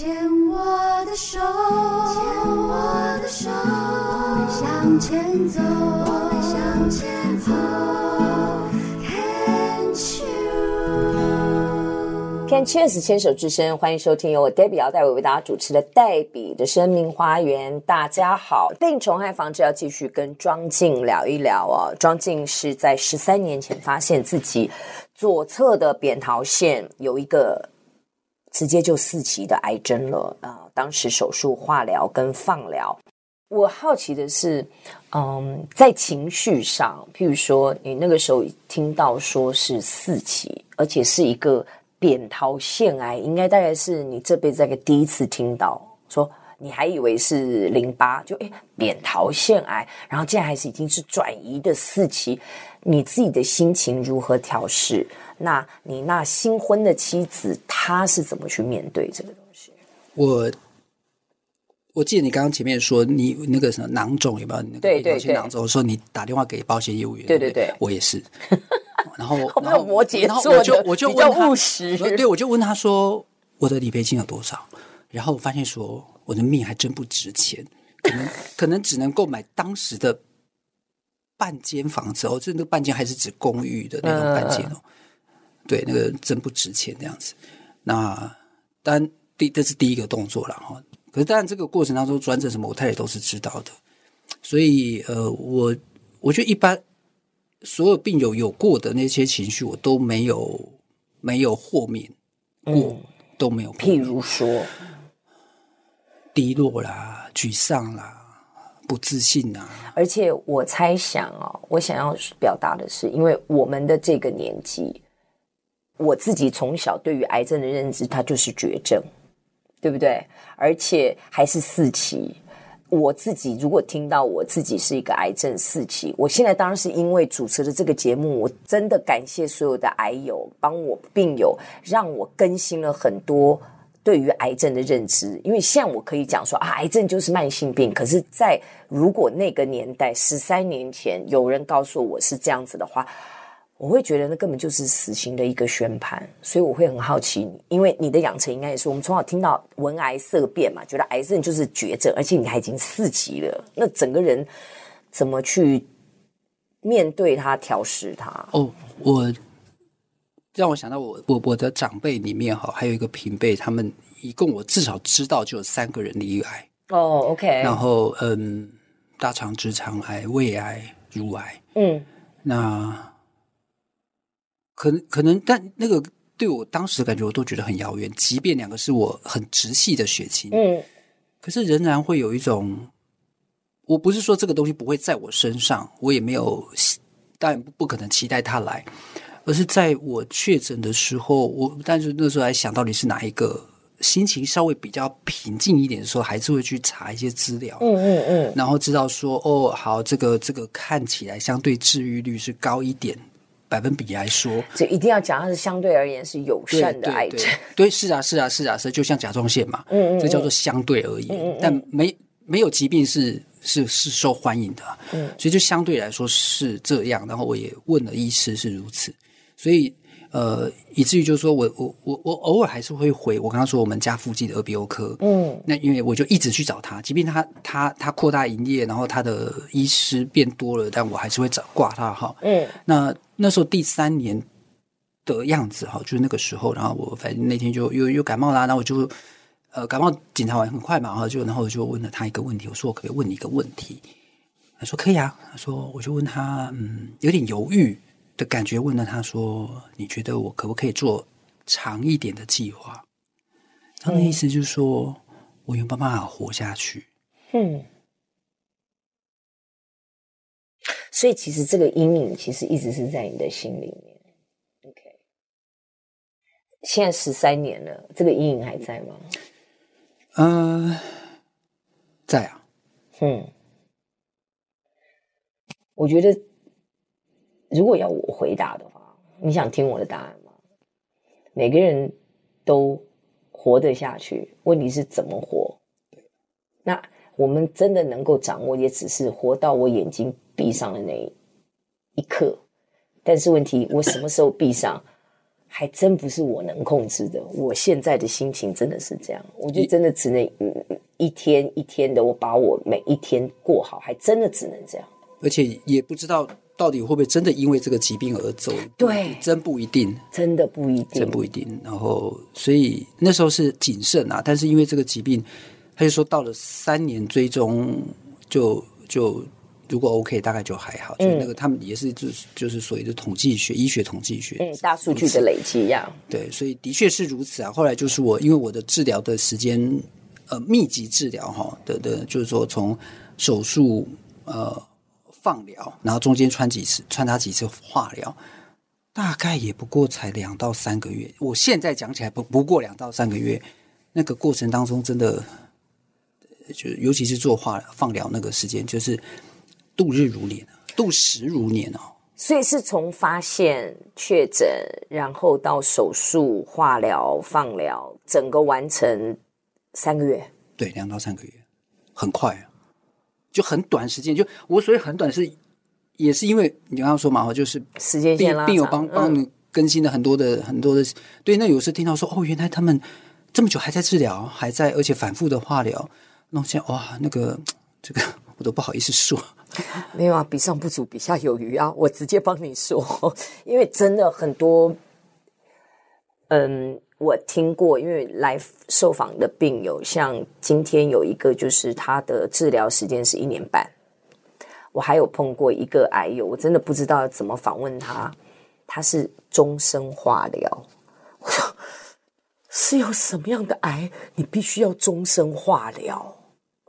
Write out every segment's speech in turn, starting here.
牽我的手，牽我的手，我們向前走，我們向前跑。手 Can chance 't 牽手之聲，歡迎收聽由我黛比姚黛薇為大家主持的《黛比的生命花園》。大家好，病蟲害防治要繼續跟莊敬聊一聊哦。莊敬是在十三年前發現自己左側的扁桃腺有一個。直接就四期的癌症了啊，呃，當時手術、化療跟放療。我好奇的是，嗯，在情緒上，譬如說，你那個時候聽到說是四期，而且是一個扁桃腺癌，應該大概是你這輩子在第一次聽到，說你還以為是淋巴，就誒扁桃腺癌，然後竟然還是已經是轉移的四期。你自己的心情如何調適？那你那新婚的妻子，她是怎麼去面對這個東西？我我記得你剛剛前面說你那個什麼囊腫有沒有？那個對，對對，切囊腫的，你打電話給保險業務員。對對對，對，我也是。 然後，然後， 我，然後我就我就問他比較務實，對，我就問他說我的理賠金有多少？然後我發現說我的命還真不值錢，可能可能只能購買當時的，半間房子哦，這那半間還是指公寓的那種半間哦。嗯、對，那個真不值錢那樣子。那但第這是第一個動作了哈。可是當然這個過程當中轉診什麼，我太太都是知道的。所以呃，我我覺得一般所有病友有過的那些情緒，我都沒有沒有豁免過，嗯、都沒有。譬如說低落啦，沮喪啦。不自信啊！而且我猜想啊、哦，我想要表達的是，因為我們的這個年紀，我自己從小對於癌症的認知，它就是絕症，對不對？而且還是四期。我自己如果聽到我自己是一個癌症四期，我現在當然是因為主持了這個節目，我真的感謝所有的癌友，幫我病友，讓我更新了很多。對於癌症的認知，因為像我可以講說啊，癌症就是慢性病。可是，在如果那個年代十三年前有人告訴我是這樣子的話，我會覺得那根本就是死刑的一個宣判。所以我會很好奇你，因為你的養成應該也是說我們從小聽到聞癌色變嘛，覺得癌症就是絕症，而且你還已經四期了，那整個人怎麼去面對它、調適它？哦、oh，我。讓我想到我我我的長輩裡面哈，還有一個平輩，他們一共我至少知道就有三個人罹癌哦、oh，OK，然後嗯，大腸直腸癌、胃癌、乳癌，嗯，那可能可能，但那個對我當時的感覺我都覺得很遙遠，即便兩個是我很直系的血親，嗯，可是仍然會有一種，我不是說這個東西不會在我身上，我也沒有，當然不可能期待它來。而是在我確診的時候，我但是那時候還想，到底是哪一個心情稍微比較平靜一點的時候，還是會去查一些資料，嗯嗯嗯，嗯，然後知道說哦，好，這個這個看起來相對治癒率是高一點百分比來說，這一定要講它是相對而言是友善的癌症，對，是啊，是啊，是啊，所以就像甲狀腺嘛，嗯，嗯，這叫做相對而言。嗯嗯嗯、但沒沒有疾病是是是受歡迎的、啊，嗯，所以就相對來說是這樣，然後我也問了醫師是如此。所以，呃，以至於就是說我我我我偶爾還是會回我剛剛說我們家附近的耳鼻喉科，嗯，那因為我就一直去找他，即便他他他擴大營業，然後他的醫師變多了，但我還是會找掛他哈，嗯，那那時候第三年的樣子哈，就是那個時候，然後我反正那天就又又感冒啦，然後我就呃感冒檢查完很快嘛，然後就，然後我就問了他一個問題，我說我可不可以問你一個問題？他說可以啊，他說我就問他，嗯，有點猶豫。的感覺問了他，說：“你覺得我可不可以做長一點的計劃？”他的、嗯、意思就是說：“我有辦法活下去。”嗯。所以其實這個陰影其實一直是在你的心裡面。OK，現在十三年了，這個陰影還在嗎？嗯、呃，在啊。嗯，我覺得。如果要我回答的話，你想聽我的答案嗎？每個人都活得下去，問題是怎麼活。那我們真的能夠掌握，也只是活到我眼睛閉上的那一刻。但是問題，我什麼時候閉上， 還真不是我能控制的。我現在的心情真的是這樣，我就真的只能也、嗯、一天一天的，我把我每一天過好，還真的只能這樣。而且也不知道。到底會不會真的因為這個疾病而走？對，真不一定，真的不一定，真不一定。然後，所以那時候是謹慎啊，但是因為這個疾病，他就說到了三年追蹤，就就如果 OK，大概就還好。嗯、就那個他們也是就就是所謂的統計學、醫學統計學，嗯，如此嗯，大數據的累積呀。對，所以的確是如此啊。後來就是我，因為我的治療的時間呃密集治療哈對對，就是說從手術呃。放療，然後中間穿幾次，穿插幾次化療，大概也不過才兩到三個月。我現在講起來不不過兩到三個月，那個過程當中真的，就尤其是做化放療那個時間，就是度日如年，度時如年哦。所以是從發現、確診，然後到手術、化療、放療，整個完成三個月，對，兩到三個月，很快啊。就很短時間，就我所以很短是也是因為你剛剛說嘛，我就是時間線拉長，病友幫、嗯、幫你更新了很多的很多的，對。那有時聽到說哦，原來他們這麼久還在治療，還在，而且反覆的化療，那我現在哇，那個這個我都不好意思說，沒有啊，比上不足，比下有餘啊，我直接幫你說，因為真的很多，嗯。我聽過，因為來受訪的病友，像今天有一個，就是他的治療時間是一年半。我還有碰過一個癌友，我真的不知道怎麼訪問他。他是終生化療，我 說是有什麼樣的癌，你必須要終生化療？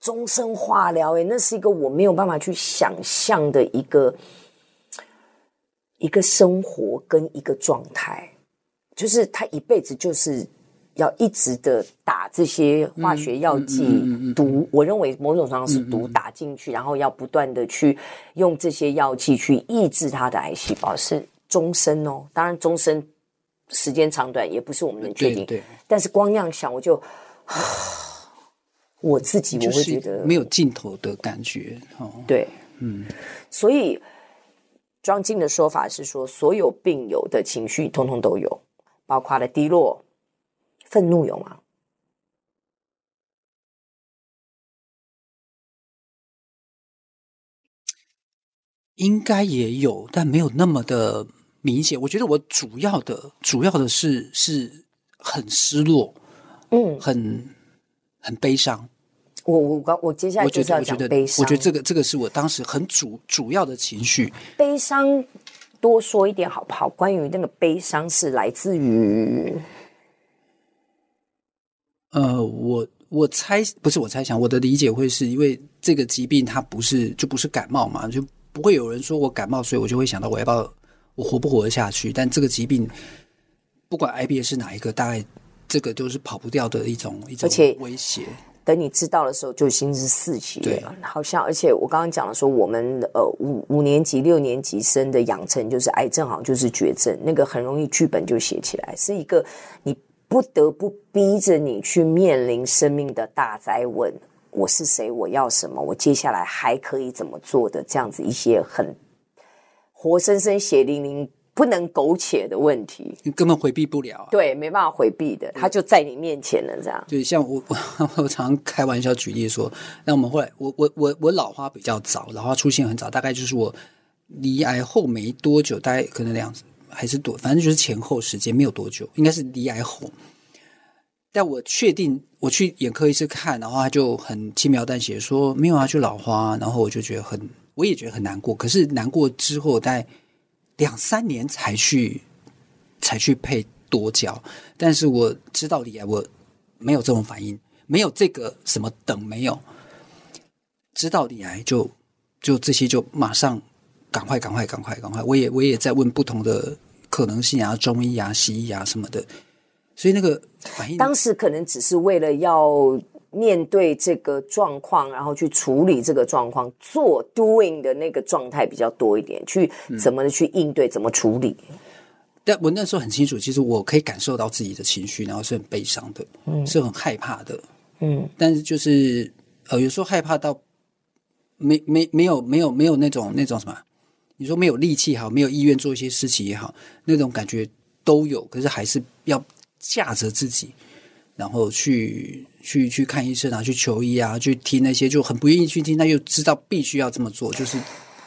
終生化療，欸，誒那是一個我沒有辦法去想象的一個一個生活跟一個狀態。就是他一輩子就是要一直的打這些化學藥劑，嗯嗯嗯嗯嗯，毒，我認為某種程度上是毒打進去，嗯嗯嗯，然後要不斷的去用這些藥劑去抑制他的癌細胞，是終身哦。當然，終身時間長短也不是我們能決定。對對，但是光這樣想，我就我自己我會覺得沒有盡頭的感覺哦。對，嗯，所以莊敬的說法是說，所有病友的情緒通通都有。包括了低落、憤怒有嗎？應該也有，但沒有那麼的明顯。我覺得我主要的、主要的是是很失落，嗯，很很悲傷。我我我接下來就是要講悲傷。我覺得，我覺得這個這個是我當時很主主要的情緒，悲傷。多說一點好不好？關於那個悲傷是來自於，呃，我我猜不是，我猜想，我的理解會是因為這個疾病它不是，就不是感冒嘛，就不會有人說我感冒，所以我就會想到我要不要，我活不活得下去？但這個疾病不管 IBS 是哪一個，大概這個就是跑不掉的一種一種威脅。Okay. 等你知道的時候就之對，就已經是四期了。好像，而且我剛剛講了說，我們呃五五年級、六年級生的養成，就是癌症，好像就是絕症，那個很容易劇本就寫起來，是一個你不得不逼着你去面臨生命的大哉問：我是誰？我要什麼？我接下來還可以怎麼做的？這樣子一些很活生生、血淋淋。不能苟且的問題，你根本回避不了、啊。對，沒辦法回避的，嗯、他就在你面前了。這樣對，像我我我常常開玩笑舉例說，那我們後來，我我我我老花比較早，老花出現很早，大概就是我離癌後沒多久，大概可能那樣，還是多，反正就是前後時間沒有多久，應該是離癌後。但我確定我去眼科醫師看，然後他就很輕描淡寫說沒有啊，就老花。然後我就覺得很，我也覺得很難過。可是難過之後在。兩三年才去，才去配多焦。但是我知道罹癌，我沒有這種反應，沒有這個什麼等，沒有知道罹癌就就這些就馬上趕快趕快趕快趕快。我也我也在問不同的可能性啊，中醫啊、西醫啊什麼的。所以那個反應，當時可能只是為了要。面對這個狀況，然後去處理這個狀況，做 doing 的那個狀態比較多一點，去怎麼去應對，嗯、怎麼處理？但我那時候很清楚，其實我可以感受到自己的情緒，然後是很悲傷的，嗯、是很害怕的，嗯。但是就是呃，有時候害怕到沒沒沒有沒有沒有那種那種什麼？你說沒有力氣也好，沒有意願做一些事情也好，那種感覺都有。可是還是要架着自己。然後去去去看醫生啊，去求醫啊，去聽那些就很不願意去聽，但又知道必須要這麼做，就是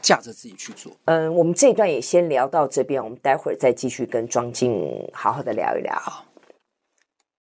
架着自己去做。嗯，我們這一段也先聊到這邊，我們待會兒再繼續跟莊敬好好的聊一聊。